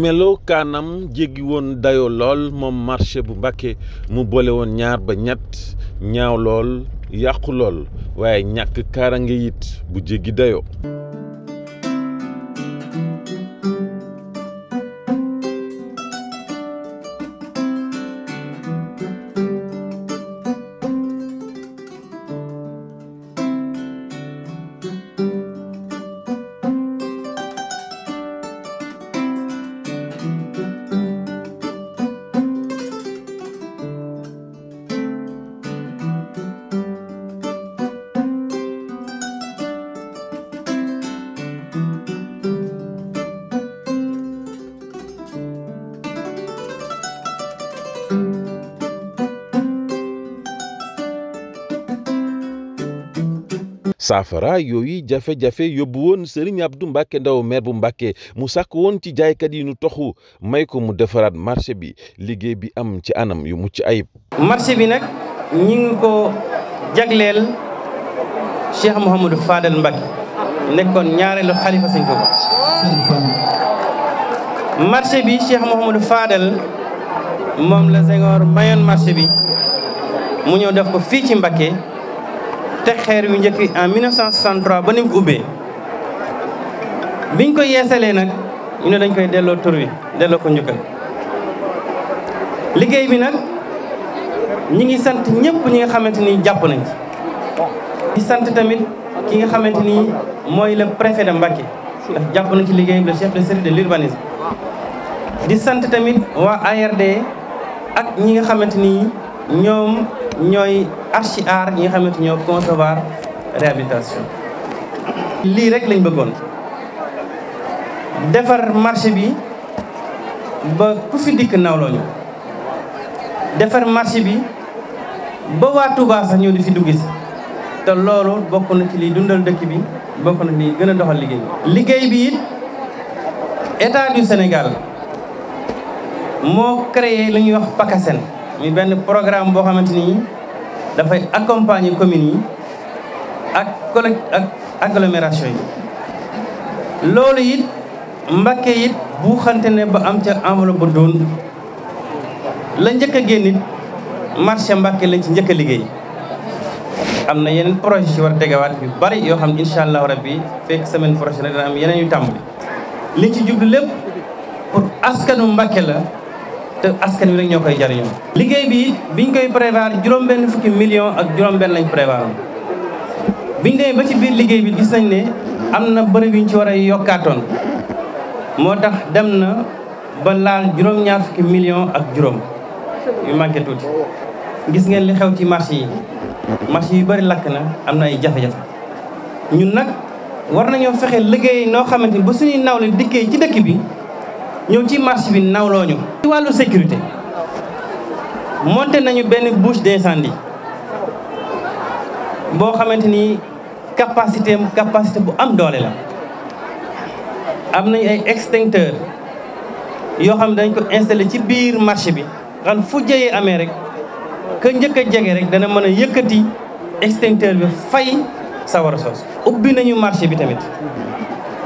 melo kaanam jéggi woon dayoo lool moom marché bu Mbàkke mu boole woon ñaar ba ñett ñaaw lool yàqu lool waaye ñàkk kaaraange it bu jéggi dayoo saafara yooyu jafe-jafe yóbbu woon Serigne Abdou Mbacke ndaw maire bu Mbacke mu sàkk woon ci jaaykat yi nu toxu may ko mu defaraat marché bi liggéey bi am ci anam yu mucc ayib. marché bi nag ñi ngi ko jagleel Cheikh Mouhamadou Fadel Mbacke nekkoon ñaareelu xalifa sëñ ko marché bi Cheikh Mouhamadou Fadel moom la Senghor mayoon marché bi mu ñëw def ko fii ci Mbacke. teg xeer yu njëkk en 1963 ba ni ubbee biñ ko yeesalee nag ñu ne dañ koy delloo tur wi delloo ko njukkal liggéey bi nag ñi ngi sant ñëpp ñi nga xamante ni jàpp nañ di sant tamit ki nga xamante ni mooy le préfet de Mbacké ndax jàpp na ci liggéey bi le chef de service de l'urbanisme di sant tamit waa ARD ak ñi nga xamante ni ñoom ñooy archi art ñi nga xamante ñoo concevoir réhabilitation lii rek lañ bëggoon defar marché bi ba ku fi dikk nawloo ñu defar marché bi ba waa Touba ñëw di fi dugg te loolu bokk na ci liy dundal dëkk bi bokk na ci gën a doxal liggéey liggéey bi it état du moo créé lu ñuy wax PACASEN. muy benn programme boo xamante ni dafay accompagner communes yi ak collect ak agglomération yi. loolu it Mbacké it bu xante ne ba am ca enveloppe ba doon la njëkk a génn it marché Mbacké lañ ci njëkk a liggéey. am na yeneen projet ci war a tegawaat bari yoo xam ne incha rek bi fekk semaine prochaine dina am yeneen yu tàmbali liñ ci jublu lépp pour askanu Mbacké la. te askan wi rek ñoo koy jariñoo liggéey bi biñ koy prévoir juróom-benn fukki million ak juróom-benn lañ prévoir biñ demee ba ci biir liggéey bi gis nañ ne am na bërëb yuñ ci war a yokkaatoon moo tax dem na ba laal juróom-ñaar fukki million ak juróom yu manqué tuuti gis ngeen li xew ci marché yi marché yu bari lakk na am na ay jafe-jafe ñun nag war nañoo fexe liggéey noo xamante ni ba suñuy nawle dikkee ci dëkk bi ñëw ci marche bi nawloo ñu. ci wàllu sécurité monté nañu benn bouche d'incendie boo xamante ni capacité am capacité bu am doole la am nañu ay extincteur yoo xam dañ ko installé ci biir marché bi xam fu jëyee amee rek ka njëkk a jege rek dana mën a yëkkati extincteur bi fay sawara soos ubbi nañu marché bi tamit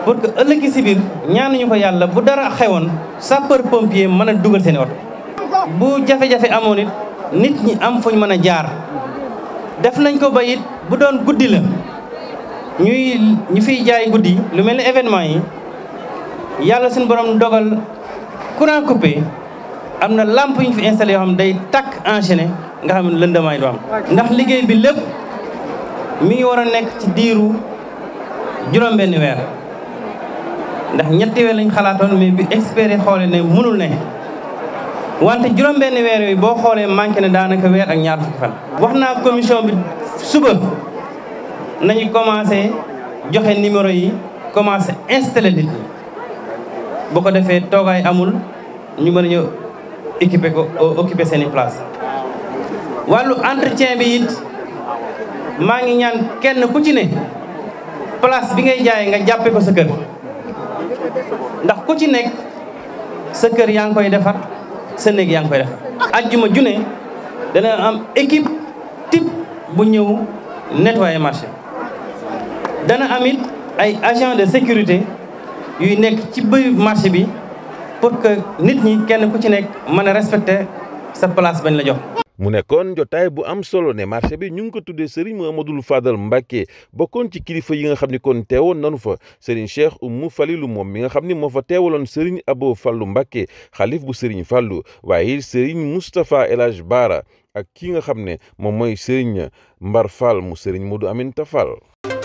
pour que ëllëgi si biir ñaanuñu ko yàlla bu dara xewoon sapeur pompier mën a dugal seen oto bu jafe-jafe amoon it nit ñi am fuñ mën a jaar def nañ ko ba it bu doon guddi la ñuy ñu fiy jaay guddi lu mel ni événement yi yàlla suñu borom dogal courant coupé am na lampe yu ñu fi installé yoo xam day takk enchaîné nga xam ne lëndamaay du am ndax liggéey bi lépp mi ngi war a nekk ci diiru juróom-benn weer ndax ñetti weer lañ xalaatoon mais bi experts xoole ne mënul ne wante juróom-benn weer yooyu boo xoolee manqué ne daanaka weer ak ñaar fukki fan. wax naa commission bi suba nañu commencé joxe numéro yi commencé installé nit ñi ko defee toogaay amul ñu mën a ñëw équipé ko occupé seen i place wàllu entretien bi it maa ngi ñaan kenn ku ci ne place bi ngay jaay nga jàppe ko sa kër. ndax ku ci nekk sa kër yaa ngi koy defar sa néeg yaa ngi koy defar ajjuma junne dana am équipe type bu ñëw nettoyer marché dana amit ay agent de sécurité yuy nekk ci bëy marché bi pour que nit ñi kenn ku ci nekk mën a respecter sa place bañ la jox mu nekkoon jotaay bu am solo ne marché bi ñu ngi ko tuddee Serigne Mamadou Fadal Mbacké bokkoon ci kilifa yi nga xam ni kon teewoon nanu fa Serigne Cheikh Oumou Falilou moom mi nga xam ni moo fa teewaloon Serigne Abo fallu Mbacké xalif bu Serigne fallu waaye Serigne Moustapha El Hadj Bara ak ki nga xam ne moom mooy Serigne Mbar Fall mu Serigne Modou Aminta Fall